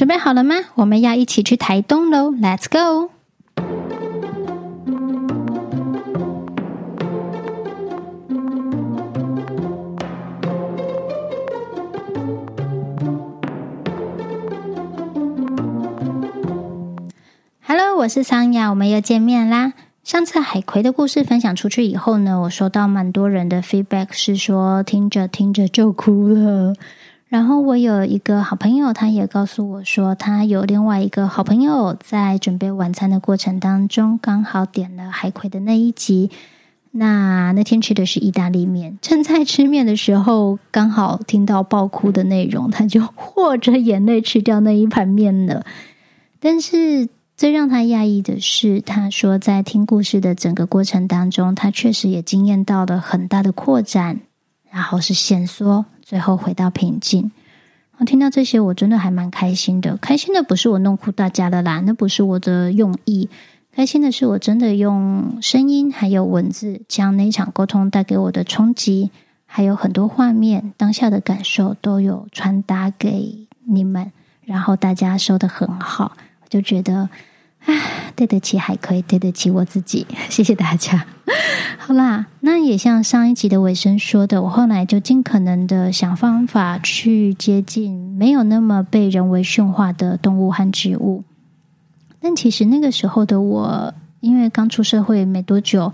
準備好了嗎？我們要一起去台東嘍！Let's go！Hello，我是桑雅，我們又見面啦。上次海葵的故事分享出去以後呢，我收到蠻多人的 feedback，是說聽着聽着就哭了。然後我有一個好朋友，他也告訴我說，他有另外一個好朋友在準備晚餐的過程當中，剛好點了海葵的那一集。那那天吃的是意大利麵，正在吃麵的時候，剛好聽到爆哭的內容，他就和着眼淚吃掉那一盤麵了。但是最讓他訝異的是，他說在聽故事的整個過程當中，他確實也經驗到了很大的擴展，然後是限縮。最後回到平靜。我聽到這些，我真的還蠻開心的。開心的不是我弄哭大家的啦，那不是我的用意。開心的是，我真的用聲音還有文字，將那場溝通帶給我的衝擊，還有很多畫面、當下的感受，都有傳達給你們。然後大家說的很好，我就覺得。啊對得起還可以，對得起我自己。謝謝大家。 好啦，那也像上一集的尾聲說的，我後來就盡可能的想方法去接近沒有那麼被人為馴化的動物和植物。但其實那個時候的我，因為剛出社會沒多久，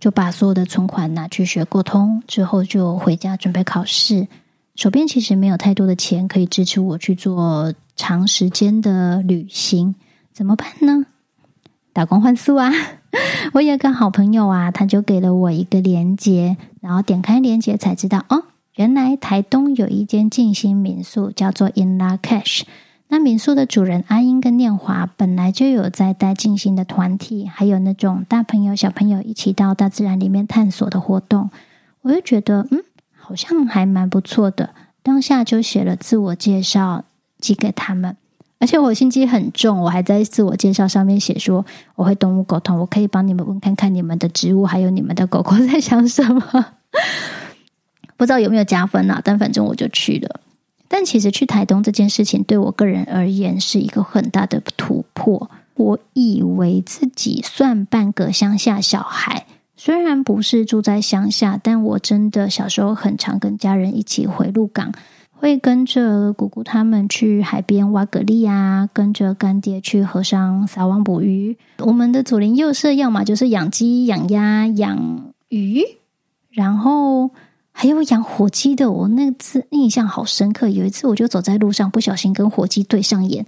就把所有的存款拿去學溝通，之後就回家準備考試。手邊其實沒有太多的錢可以支持我去做長時間的旅行。怎麼辦呢？打工換宿啊！ 我有個好朋友啊，他就給了我一個鏈接，然後點開鏈接才知道哦，原來台東有一間靜心民宿叫做 In La Cash。那民宿的主人阿英跟念華本來就有在帶靜心的團體，還有那種大朋友小朋友一起到大自然裡面探索的活動，我就覺得嗯，好像還蠻不錯的，當下就寫了自我介紹寄給他們。而且我心機很重，我還在自我介紹上面寫說我會動物溝通，我可以幫你們問看看你們的植物還有你們的狗狗在想什麼，不知道有沒有加分吶啊？但反正我就去了。但其實去台東這件事情對我個人而言是一個很大的突破。我以為自己算半個鄉下小孩，雖然不是住在鄉下，但我真的小時候很常跟家人一起回鹿港。會跟着姑姑他們去海邊挖蛤蜊啊，跟着乾爹去河上撒網捕魚。我們的左鄰右舍，要麼就是養雞、養鴨、養魚，然後還有養火雞的。我那次印象好深刻，有一次我就走在路上，不小心跟火雞對上眼，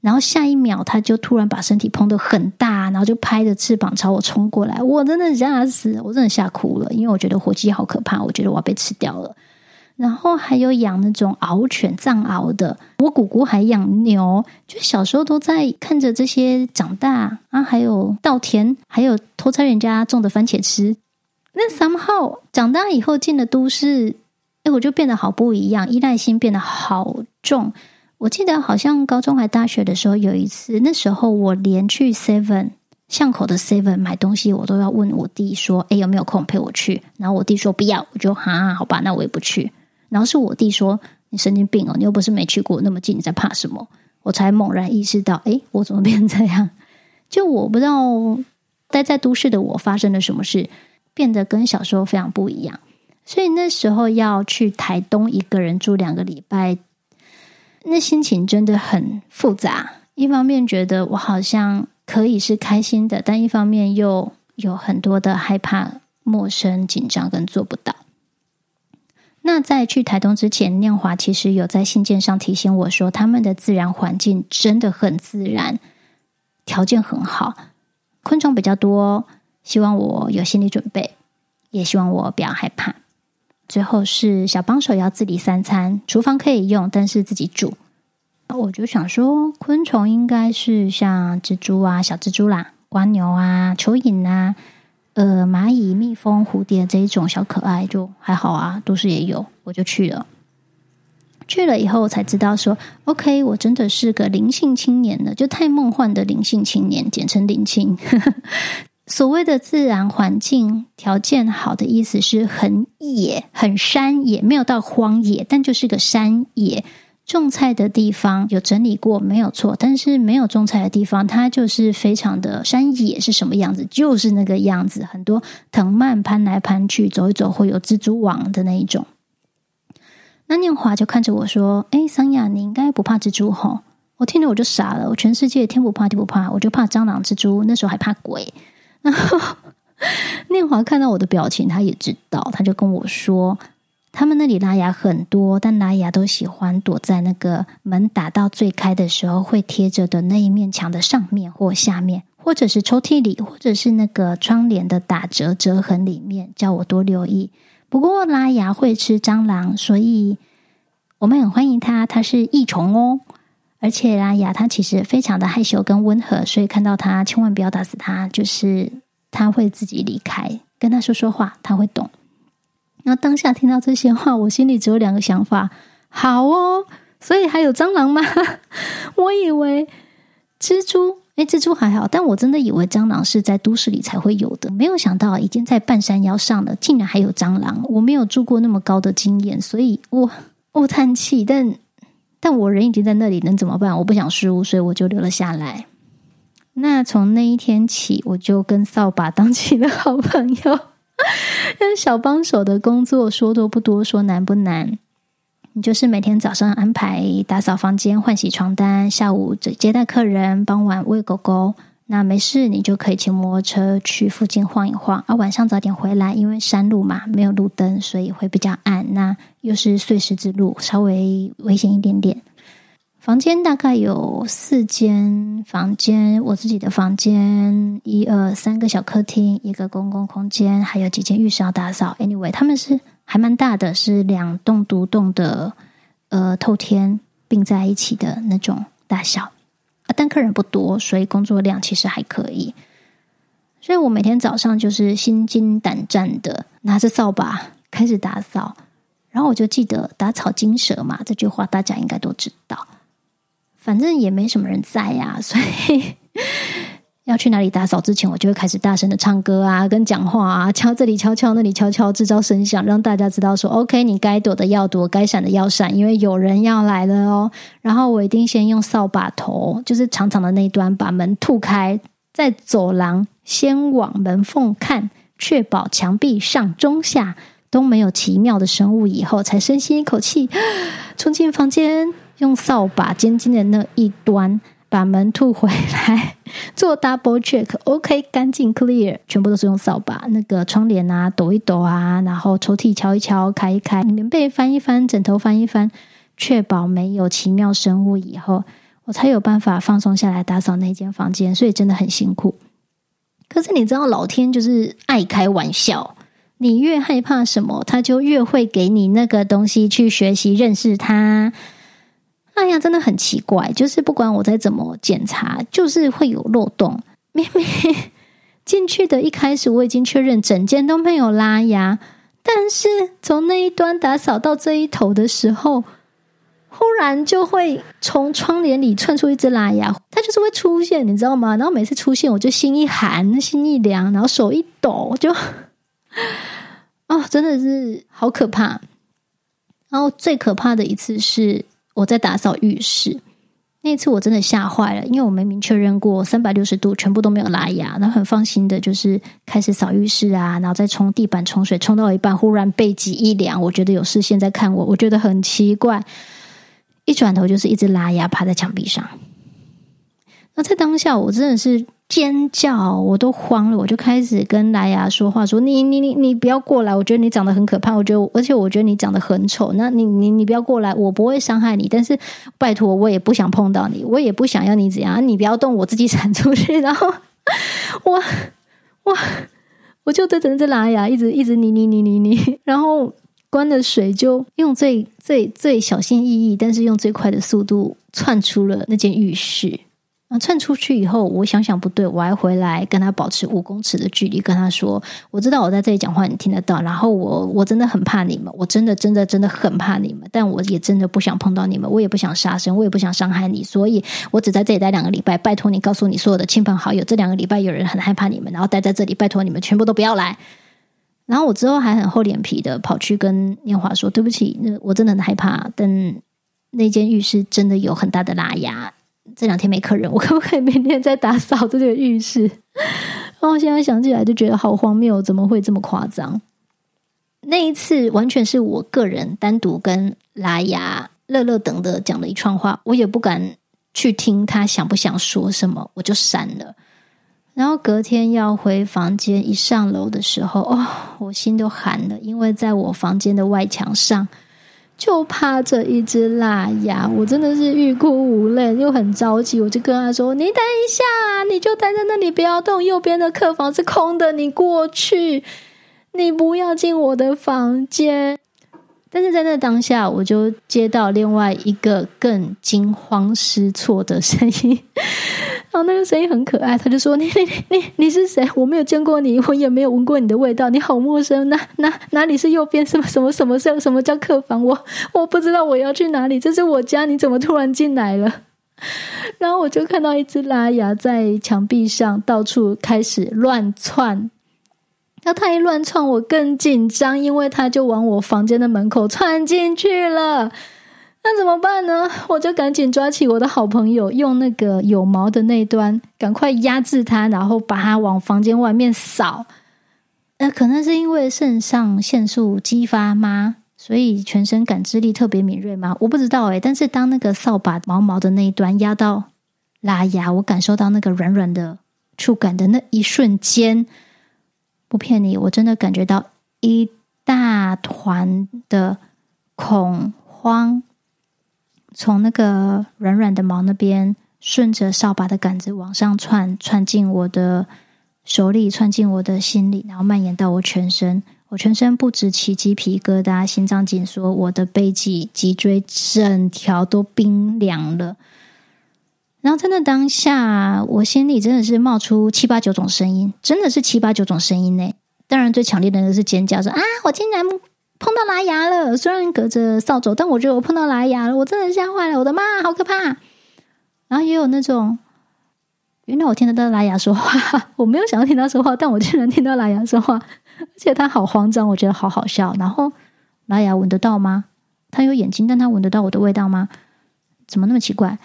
然後下一秒他就突然把身體膨得很大，然後就拍着翅膀朝我衝過來。我真的嚇死，我真的嚇哭了，因為我覺得火雞好可怕，我覺得我要被吃掉了。然後還有養那種獒犬、藏獒的，我姑姑還養牛，就小時候都在看着這些長大啊，還有稻田，還有偷摘人家種的番茄吃。那 somehow 長大以後進了都市，哎，我就變得好不一樣，依賴心變得好重。我記得好像高中還大學的時候，有一次那時候我連去 Seven 巷口的 Seven 買東西，我都要問我弟說：“哎，有沒有空陪我去？”然後我弟說：“不要。”我就哈、啊，好吧，那我也不去。然後是我弟說：“你神經病哦！你又不是沒去過，那麼近，你在怕什麼？”我才猛然意識到，哎，我怎麼變成這樣？就我不知道待在都市的我發生了什麼事，變得跟小時候非常不一樣。所以那時候要去台東一個人住兩個禮拜，那心情真的很複雜。一方面覺得我好像可以是開心的，但一方面又有很多的害怕、陌生、緊張跟做不到。那在去台東之前，念華其實有在信件上提醒我說，他們的自然環境真的很自然，條件很好，昆蟲比較多，希望我有心理準備，也希望我不要害怕。最後是小幫手要自理三餐，廚房可以用，但是自己煮。我就想說，昆蟲應該是像蜘蛛啊、小蜘蛛啦、蝸牛啊、蚯蚓啊。呃，螞蟻、蜜蜂、蝴蝶這一種小可愛就還好啊，都市也有，我就去了。去了以後，我才知道說，OK，我真的是個靈性青年呢，就太夢幻的靈性青年，簡稱靈青。 所謂的自然環境條件好的意思是很野、很山野，沒有到荒野，但就是個山野。種菜的地方有整理過，沒有錯。但是沒有種菜的地方，它就是非常的山野，是什麼樣子，就是那個樣子。很多藤蔓攀來攀去，走一走會有蜘蛛網的那一種。那念華就看着我說：“哎，桑雅，你應該不怕蜘蛛吼？”我聽了我就傻了，我全世界天不怕地不怕，我就怕蟑螂、蜘蛛。那時候還怕鬼。然後念華看到我的表情，他也知道，他就跟我說。他們那裡喇牙很多，但喇牙都喜歡躲在那個門打到最開的時候會貼着的那一面牆的上面或下面，或者是抽屜裡，或者是那個窗簾的打折折痕裡面，叫我多留意。不過喇牙會吃蟑螂，所以我們很歡迎它，它是益蟲哦。而且喇牙它其實非常的害羞跟溫和，所以看到它千萬不要打死它，就是它會自己離開，跟它說說話，它會懂。然後當下聽到這些話，我心裡只有兩個想法：好哦，所以還有蟑螂嗎？ 我以為蜘蛛，誒蜘蛛還好，但我真的以為蟑螂是在都市裡才會有的，沒有想到已經在半山腰上了，竟然還有蟑螂。我沒有住過那麼高的經驗，所以我我嘆氣，但但我人已經在那裡，能怎麼辦？我不想失誤，所以我就留了下來。那從那一天起，我就跟掃把當起了好朋友。 小幫手的工作說多不多，說難不難。你就是每天早上安排打掃房間、換洗床單，下午接待客人、傍晚餵狗狗。那沒事，你就可以騎摩托車去附近晃一晃。啊，晚上早點回來，因為山路嘛，沒有路燈，所以會比較暗。那又是碎石之路，稍微危險一點點。房間大概有四間房間，我自己的房間，一二三個小客廳，一個公共空間，還有幾間浴室要打掃。Anyway，他們是還蠻大的，是兩棟獨棟的，呃，透天併在一起的那種大小啊。但客人不多，所以工作量其實還可以。所以我每天早上就是心驚膽戰的拿着掃把開始打掃，然後我就記得“打草驚蛇”嘛，這句話大家應該都知道。反正也沒什麼人在呀、啊，所以 要去哪裡打掃之前，我就會開始大聲的唱歌啊，跟講話啊，敲這裡敲敲，那裡敲敲，制造聲響，讓大家知道說：“OK，你該躲的要躲，該閃的要閃，因為有人要來了哦。”然後我一定先用掃把頭，就是長長的那端，把門吐開，在走廊先往門縫看，確保牆壁上中下、中、下都沒有奇妙的生物，以後才深吸一口氣，呃、衝進房間。用掃把尖尖的那一端把門吐回來，做 double check，OK，乾淨 clear，全部都是用掃把。那個窗簾啊，抖一抖啊，然後抽屜敲一敲，開一開，棉被翻一翻，枕頭翻一翻，確保沒有奇妙生物以後，我才有辦法放鬆下來打掃那間房間。所以真的很辛苦。可是你知道，老天就是愛開玩笑，你越害怕什麼，他就越會給你那個東西去學習認識他。喇牙，真的很奇怪，就是不管我再怎麼檢查，就是會有漏洞。明明進去的一開始我已經確認整間都沒有喇牙，但是從那一端打掃到這一頭的時候，忽然就會從窗簾裡竄出一隻喇牙，它就是會出現，你知道嗎？然後每次出現，我就心一寒、心一涼，然後手一抖，我就哦，真的是好可怕。然後最可怕的一次是。我在打掃浴室，那一次我真的嚇壞了，因為我明明確認過三百六十度，全部都沒有喇牙，然後很放心的，就是開始掃浴室啊，然後再沖地板沖水，沖到一半，忽然背脊一涼，我覺得有視線在看我，我覺得很奇怪，一轉頭就是一只喇牙趴在牆壁上。那、啊、在當下，我真的是尖叫，我都慌了。我就開始跟喇牙說話，說你：“你你你你不要過來！我覺得你長得很可怕，我覺得我而且我覺得你長得很醜。那你你你不要過來，我不會傷害你，但是拜托，我也不想碰到你，我也不想要你怎樣。你不要動，我自己閃出去。然後我我我就對着這喇牙，一直一直你你你你你，然後關了水，就用最最最小心翼翼，但是用最快的速度竄出了那間浴室。”竄、啊、出去以後，我想想不對，我還回來跟他保持五公尺的距離，跟他說：“我知道我在這裡講話，你聽得到。然後我，我真的很怕你們，我真的，真的，真的，真的很怕你們。但我也真的不想碰到你們，我也不想殺生，我也不想傷害你。所以我只在這裡待兩個禮拜。拜托你，告訴你所有的親朋好友，這兩個禮拜有人很害怕你們，然後待在這裡。拜托你們，全部都不要來。然後我之後還很厚臉皮的跑去跟念華說對不起，那我真的很害怕。但那間浴室真的有很大的喇牙。”這兩天沒客人，我可不可以明天再打掃這個浴室？然後我現在想起來就覺得好荒謬，怎麼會這麼誇張？那一次完全是我個人單獨跟喇牙、樂樂等的講了一串話，我也不敢去聽他想不想說什麼，我就閃了。然後隔天要回房間，一上樓的時候，哦，我心都寒了，因為在我房間的外牆上。就趴着一隻喇牙，我真的是欲哭無淚，又很着急。我就跟他說：“你等一下，你就待在那裡，不要動。右邊的客房是空的，你過去，你不要進我的房間。”但是在那當下，我就接到另外一個更驚慌失措的聲音。然後那個聲音很可愛，他就說你：“你、你、你、你是誰？我沒有見過你，我也沒有聞過你的味道，你好陌生。那、那、哪裡是右邊？什麼、什麼、什麼？什麼叫客房？我我不知道我要去哪裡。這是我家，你怎麼突然進來了？”然後我就看到一隻喇牙在牆壁上到處開始亂竄。那他一亂竄，我更緊張，因為他就往我房間的門口竄進去了。那怎麼辦呢？我就趕緊抓起我的好朋友，用那個有毛的那一端，趕快壓制他，然後把他往房間外面掃。那、呃、可能是因為腎上腺素激發嗎？所以全身感知力特別敏銳嗎？我不知道哎、欸。但是當那個掃把毛毛的那一端壓到喇牙，我感受到那個軟軟的觸感的那一瞬間，不騙你，我真的感覺到一大團的恐慌。從那個軟軟的毛那邊，順着掃把的桿子往上竄，竄進我的手裡，竄進我的心裡，然後蔓延到我全身。我全身不止起雞皮疙瘩，心臟緊縮，我的背脊脊椎整條都冰涼了。然後在那當下，我心裡真的是冒出七八九種聲音，真的是七八九種聲音呢。當然，最強烈的那是尖叫說，說啊，我竟然！碰到喇牙了，雖然隔着掃帚，但我覺得我碰到喇牙了，我真的嚇壞了，我的媽，好可怕、啊！然後也有那種，原來我聽得到喇牙說話，我沒有想要聽他說話，但我竟然聽到喇牙說話，而且他好慌張，我覺得好好笑。然後喇牙聞得到嗎？他有眼睛，但他聞得到我的味道嗎？怎麼那麼奇怪？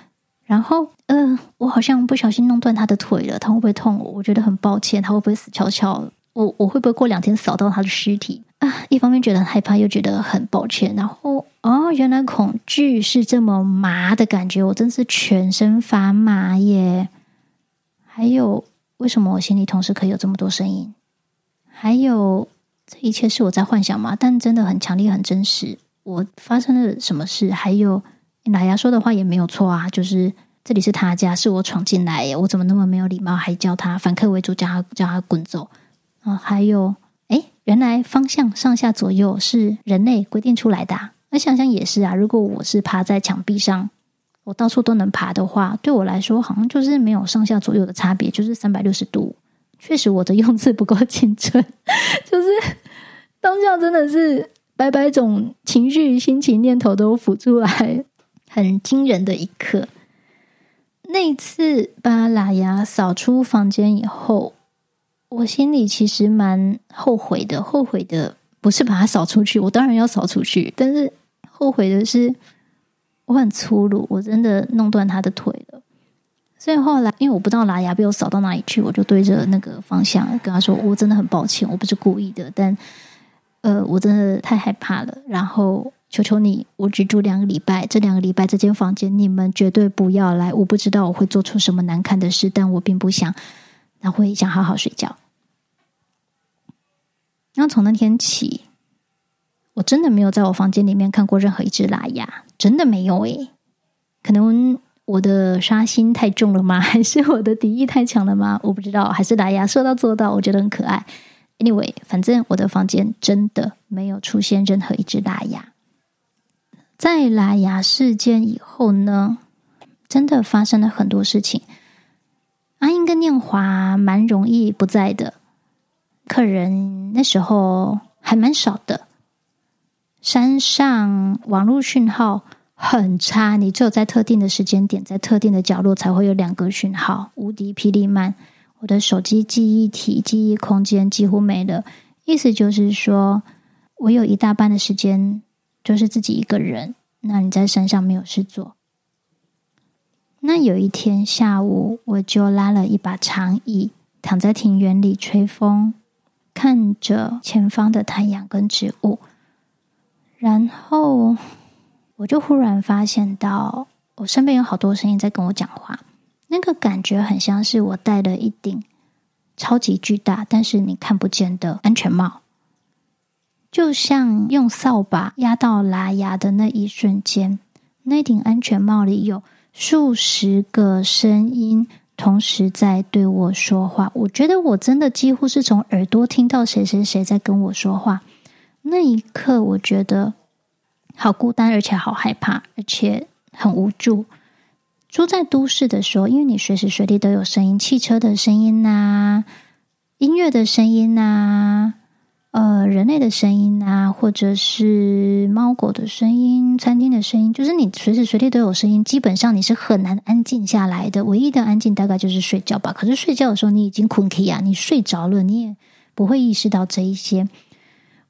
然後，嗯、呃，我好像不小心弄斷他的腿了，他會不會痛我？我覺得很抱歉，他會不會死翹翹？我我會不會過兩天掃到他的屍體？啊！一方面覺得很害怕，又覺得很抱歉。然後哦，原來恐懼是這麼麻的感覺，我真是全身發麻耶。還有，為什麼我心裡同時可以有這麼多聲音？還有，這一切是我在幻想嗎？但真的很強烈，很真實。我發生了什麼事？還有，喇牙、啊、說的話也沒有錯啊，就是這裡是他家，是我闖進來，我怎麼那麼沒有禮貌，還叫他反客為主，叫他叫他滾走啊？還有。原來方向上下左右是人類規定出來的啊，那想想也是啊，如果我是趴在牆壁上，我到處都能爬的話，對我來說好像就是沒有上下左右的差別，就是三百六十度。確實，我的用字不夠精準，就是當下真的是百百種情緒、心情、念頭都浮出來，很驚人的一刻。那一次把喇牙掃出房間以後。我心裡其實蠻後悔的，後悔的不是把它掃出去，我當然要掃出去，但是後悔的是我很粗魯，我真的弄斷他的腿了。所以後來，因為我不知道喇牙被我掃到哪裡去，我就對着那個方向跟他說：“我真的很抱歉，我不是故意的，但呃，我真的太害怕了。”然後求求你，我只住兩個禮拜，這兩個禮拜這間房間你們絕對不要來。我不知道我會做出什麼難看的事，但我並不想。他會想好好睡覺。那從那天起，我真的沒有在我房間裡面看過任何一隻喇牙，真的沒有誒。可能我的殺心太重了嗎？還是我的敵意太強了嗎？我不知道。還是喇牙說到做到，我覺得很可愛。Anyway，反正我的房間真的沒有出現任何一隻喇牙。在喇牙事件以後呢，真的發生了很多事情。阿英跟念華蠻容易不在的，客人那時候還蠻少的。山上網絡訊號很差，你只有在特定的時間點，在特定的角落才會有兩格訊號。無敵霹靂慢，我的手機記憶體、記憶空間幾乎沒了。意思就是說，我有一大半的時間就是自己一個人。那你在山上沒有事做。那有一天下午，我就拉了一把長椅，躺在庭園裡吹風，看着前方的太陽跟植物，然後我就忽然發現到，我身邊有好多聲音在跟我講話，那個感覺很像是我戴了一頂超級巨大但是你看不見的安全帽，就像用掃把壓到喇牙的那一瞬間，那頂安全帽裡有。數十個聲音同時在對我說話，我覺得我真的幾乎是從耳朵聽到誰誰誰在跟我說話。那一刻，我覺得好孤單，而且好害怕，而且很無助。住在都市的時候，因為你隨時隨地都有聲音，汽車的聲音吶，音樂的聲音吶。呃，人類的聲音啊，或者是貓狗的聲音，餐廳的聲音，就是你隨時隨地都有聲音。基本上你是很難安靜下來的，唯一的安靜大概就是睡覺吧。可是睡覺的時候你已經困 k 呀，你睡着了，你也不會意識到這一些。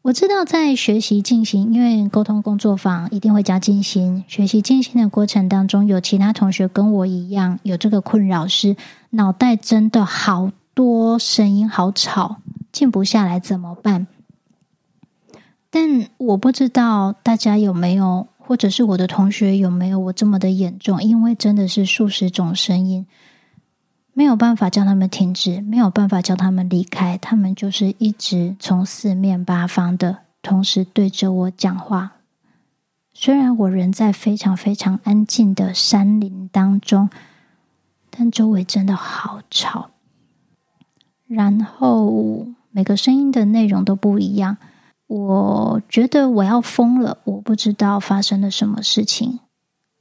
我知道在學習進行，因為溝通工作坊一定會加進行學習進行的過程當中，有其他同學跟我一樣有這個困擾是，是腦袋真的好多聲音，好吵，靜不下來怎麼辦？但我不知道大家有沒有，或者是我的同學有沒有我這麼的嚴重，因為真的是數十種聲音，沒有辦法叫他們停止，沒有辦法叫他們離開，他們就是一直從四面八方的同時對着我講話。雖然我人在非常非常安靜的山林當中，但周圍真的好吵。然後每個聲音的內容都不一樣。我覺得我要瘋了，我不知道發生了什麼事情，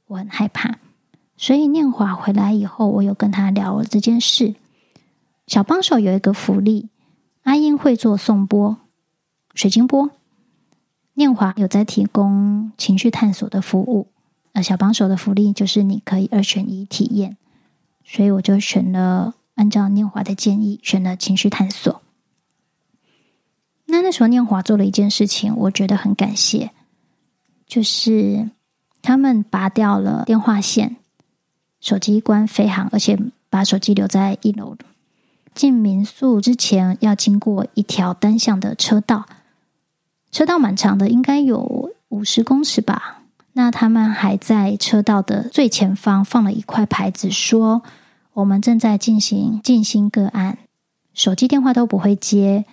我很害怕。所以念華回來以後，我有跟他聊了這件事。小幫手有一個福利，阿英會做頌缽、水晶缽。念華有在提供情緒探索的服務，而小幫手的福利就是你可以二選一體驗，所以我就選了按照念華的建議選了情緒探索。那那時候，念華做了一件事情，我覺得很感謝，就是他們拔掉了電話線，手機關飛航，而且把手機留在一樓。進民宿之前，要經過一條單向的車道，車道蠻長的，應該有五十公尺吧。那他們還在車道的最前方放了一塊牌子說，說我們正在進行進行個案，手機電話都不會接。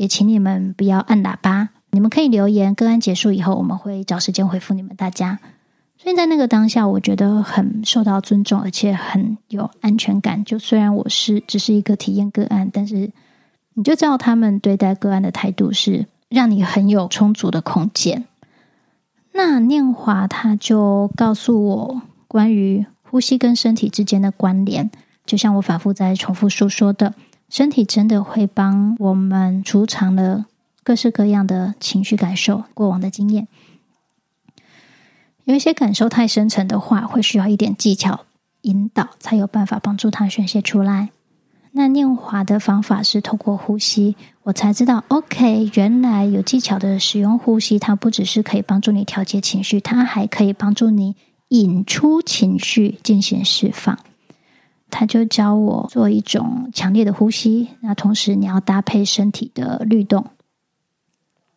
也請你們不要按喇叭，你們可以留言。個案結束以後，我們會找時間回復你們大家。所以在那個當下，我覺得很受到尊重，而且很有安全感。就雖然我是只是一個體驗個案，但是你就知道他們對待個案的態度是讓你很有充足的空間。那念華他就告訴我關於呼吸跟身體之間的關聯，就像我反複在重複訴說，說的。身體真的會幫我們儲藏了各式各樣的情緒感受、過往的經驗。有一些感受太深沉的話，會需要一點技巧引導，才有辦法幫助它宣泄出來。那念華的方法是透過呼吸，我才知道，OK，原來有技巧的使用呼吸，它不只是可以幫助你調節情緒，它還可以幫助你引出情緒進行釋放。他就教我做一種強烈的呼吸，那同時你要搭配身體的律動。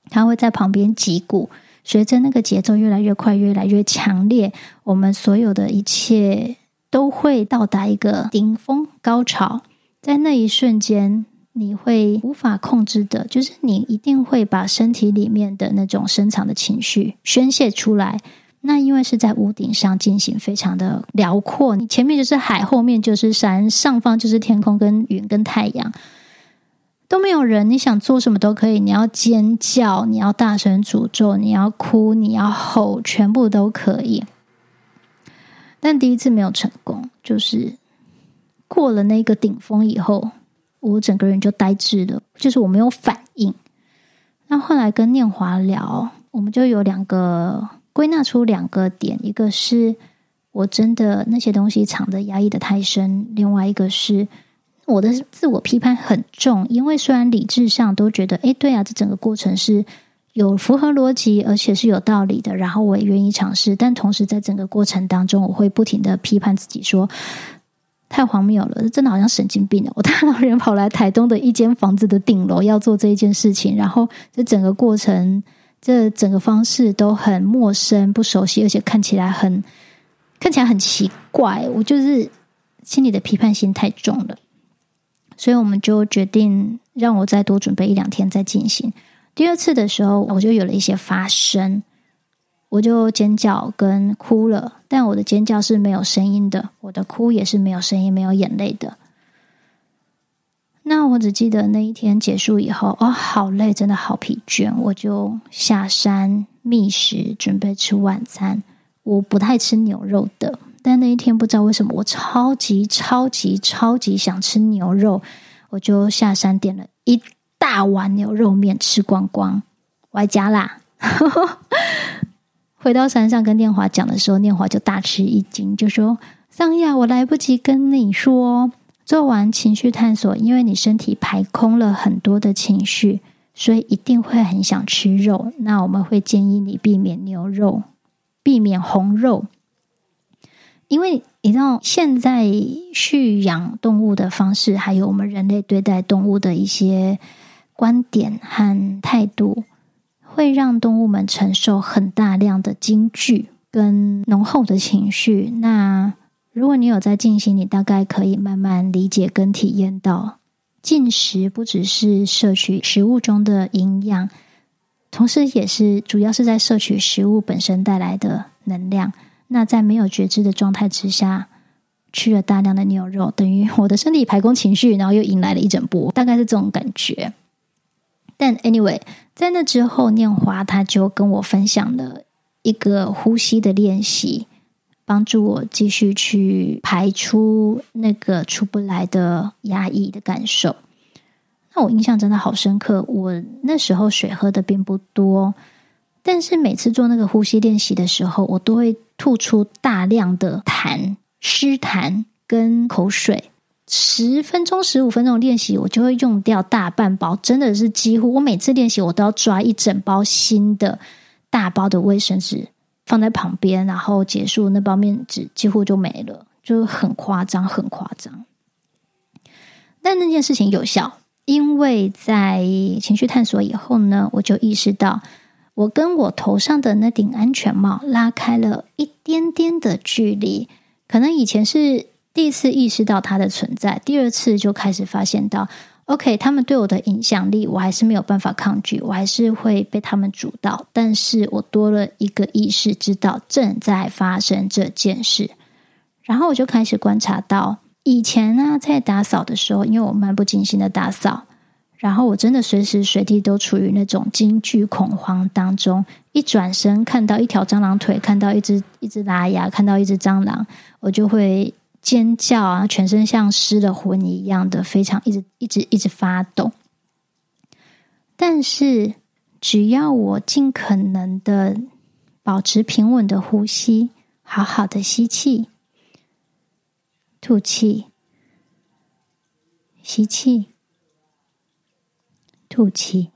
他會在旁邊擊鼓，隨着那個節奏越來越快，越來越強烈，我們所有的一切都會到達一個頂峰高潮。在那一瞬間，你會無法控制的，就是你一定會把身體裡面的那種深藏的情緒宣洩出來。那因為是在屋頂上進行，非常的遼闊。你前面就是海，後面就是山，上方就是天空、跟雲、跟太陽，都沒有人。你想做什麼都可以，你要尖叫，你要大聲詛咒，你要哭，你要吼，全部都可以。但第一次沒有成功，就是過了那個頂峰以後，我整個人就呆滯了，就是我沒有反應。那後，後來跟念華聊，我們就有兩個。歸納出兩個點，一個是我真的那些東西藏的，壓抑的太深，另外一個是我的自我批判很重。因為雖然理智上都覺得，哎，對啊，這整個過程是有符合邏輯，而且是有道理的，然後我也願意嘗試。但同時，在整個過程當中，我會不停的批判自己說，說太荒謬了，這真的好像神經病了。我大老遠跑來台東的一間房子的頂樓要做這一件事情，然後這整個過程。這整個方式都很陌生，不熟悉，而且看起來很看起來很奇怪。我就是心裡的批判心太重了，所以我們就決定讓我再多準備一兩天再進行。第二次的時候，我就有了一些發聲，我就尖叫跟哭了。但我的尖叫是沒有聲音的，我的哭也是沒有聲音，沒有眼淚的。那我只記得那一天結束以後，哦，好累，真的好疲倦，我就下山覓食，準備吃晚餐。我不太吃牛肉的，但那一天不知道為什麼，我超級超級超級想吃牛肉，我就下山點了一大碗牛肉麵，吃光光，外加辣。 回到山上跟念華講的時候，念華就大吃一驚，就說：“桑雅，我來不及跟你說。”做完情緒探索，因為你身體排空了很多的情緒，所以一定會很想吃肉。那我們會建議你避免牛肉，避免紅肉，因為你知道現在畜養動物的方式，還有我們人類對待動物的一些觀點和態度，會讓動物們承受很大量的驚懼跟濃厚的情緒。那。如果你有在進行，你大概可以慢慢理解跟體驗到，進食不只是攝取食物中的營養，同時也是主要是在攝取食物本身帶來的能量。那在沒有覺知的狀態之下，吃了大量的牛肉，等於我的身體排空情緒，然後又迎來了一整波，大概是這種感覺。但 anyway，在那之後，念華他就跟我分享了一個呼吸的練習。幫助我繼續去排出那個出不來的壓抑的感受。那我印象真的好深刻。我那時候水喝的並不多，但是每次做那個呼吸練習的時候，我都會吐出大量的痰、濕痰跟口水。十分鐘、十五分鐘的練習，我就會用掉大半包，真的是幾乎。我每次練習，我都要抓一整包新的大包的衛生紙。放在旁邊，然後結束，那包面紙幾乎就沒了，就很誇張，很誇張。但那件事情有效，因為在情緒探索以後呢，我就意識到我跟我頭上的那頂安全帽拉開了一點點的距離，可能以前是第一次意識到它的存在，第二次就開始發現到。OK，他們對我的影響力，我還是沒有辦法抗拒，我還是會被他們主導。但是我多了一個意識，知道正在發生這件事，然後我就開始觀察到，以前呢、啊，在打掃的時候，因為我漫不經心的打掃，然後我真的隨時隨地都處於那種驚懼恐慌當中。一轉身看到一條蟑螂腿，看到一隻一隻喇牙，看到一隻蟑螂，我就會。尖叫啊！全身像失了魂一樣的，非常一直一直一直發抖。但是，只要我盡可能的保持平穩的呼吸，好好的吸氣、吐氣、吸氣、吐氣，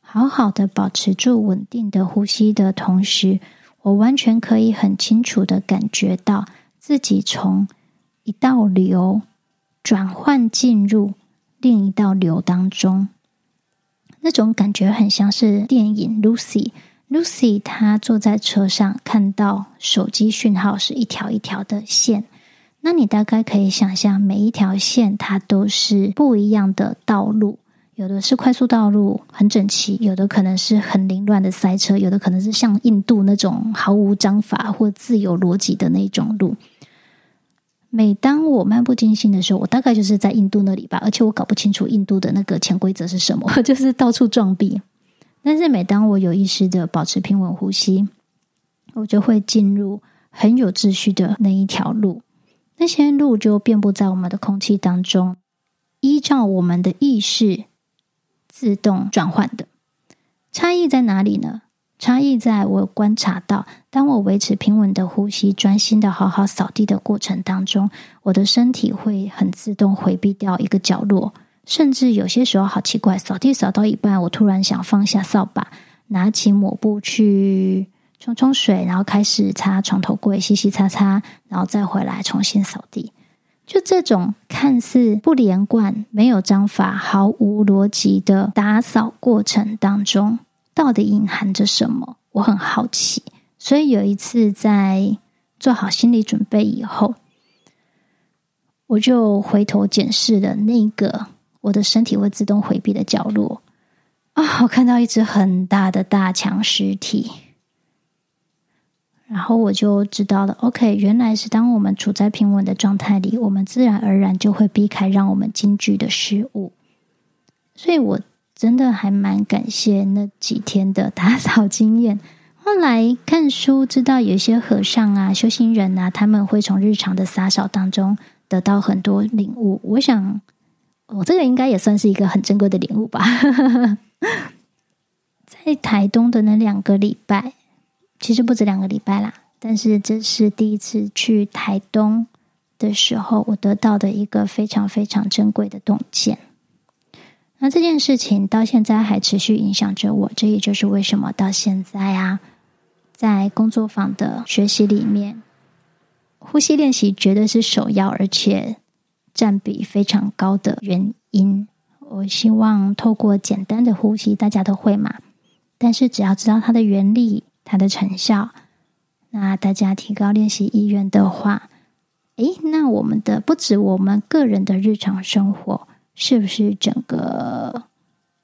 好好的保持住穩定的呼吸的同時，我完全可以很清楚的感覺到。自己從一道流轉換進入另一道流當中，那種感覺很像是電影《Lucy》。Lucy 她坐在車上，看到手機訊號是一條一條的線。那你大概可以想象，每一條線它都是不一樣的道路，有的是快速道路，很整齊；有的可能是很凌亂的塞車；有的可能是像印度那種毫無章法或自由邏輯的那種路。每當我漫不經心的時候，我大概就是在印度那裡吧，而且我搞不清楚印度的那個潛規則是什麼，就是到處撞壁。但是每當我有意識的保持平穩呼吸，我就會進入很有秩序的那一條路，那些路就遍布在我們的空氣當中，依照我們的意識自動轉換的。差異在哪裡呢？差異在我觀察到，當我維持平穩的呼吸、專心的好好掃地的過程當中，我的身體會很自動回避掉一個角落，甚至有些時候好奇怪，掃地掃到一半，我突然想放下掃把，拿起抹布去沖沖水，然後開始擦床頭櫃，洗洗擦擦，然後再回來重新掃地。就這種看似不連貫、沒有章法、毫無邏輯的打掃過程當中。到底隱含着什麼？我很好奇。所以有一次在做好心理準備以後，我就回頭檢視了那個我的身體會自動回避的角落。啊、哦，我看到一隻很大的大強屍體，然後我就知道了。OK，原來是當我們處在平穩的狀態裡，我們自然而然就會避開讓我們驚懼的事物。所以我。真的還蠻感謝那幾天的打掃經驗。後來看書知道，有一些和尚啊、修行人啊，他們會從日常的打掃當中得到很多領悟。我想，我、哦、這個應該也算是一個很珍貴的領悟吧。 在台東的那兩個禮拜，其實不止兩個禮拜啦。但是這是第一次去台東的時候，我得到的一個非常非常珍貴的洞見。那這件事情到現在還持續影響着我，這也就是為什麼到現在啊，在工作坊的學習裡面，呼吸練習絕對是首要，而且佔比非常高的原因。我希望透過簡單的呼吸，大家都會嘛。但是只要知道它的原理，它的成效，那大家提高練習意願的話，誒，那我們的不止我們個人的日常生活。是不是整個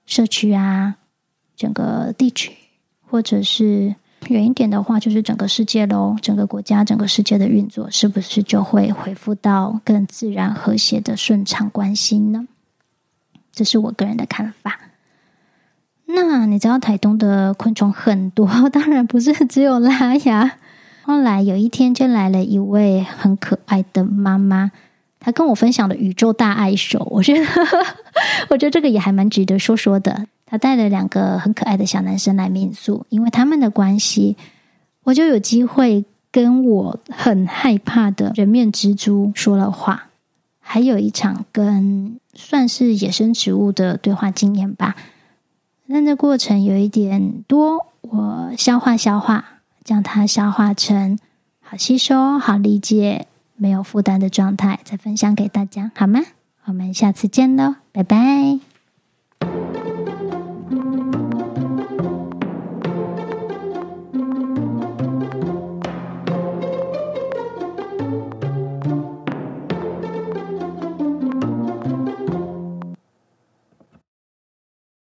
社區啊，整個地區，或者是遠一點的話，就是整個世界嘍。整個國家、整個世界的運作，是不是就會恢復到更自然、和諧的順暢關係呢？這是我個人的看法。那你知道台東的昆蟲很多，當然不是只有喇牙。後來有一天，就來了一位很可愛的媽媽。他跟我分享的宇宙大愛手，我覺得， 我覺得這個也還蠻值得說說的。他帶了兩個很可愛的小男生來民宿，因為他們的關係，我就有機會跟我很害怕的人面蜘蛛說了話，還有一場跟算是野生植物的對話經驗吧。但這過程有一點多，我消化消化，將它消化成好吸收、好理解、沒有負擔的狀態，再分享給大家，好嗎？我們下次見嘍，拜拜。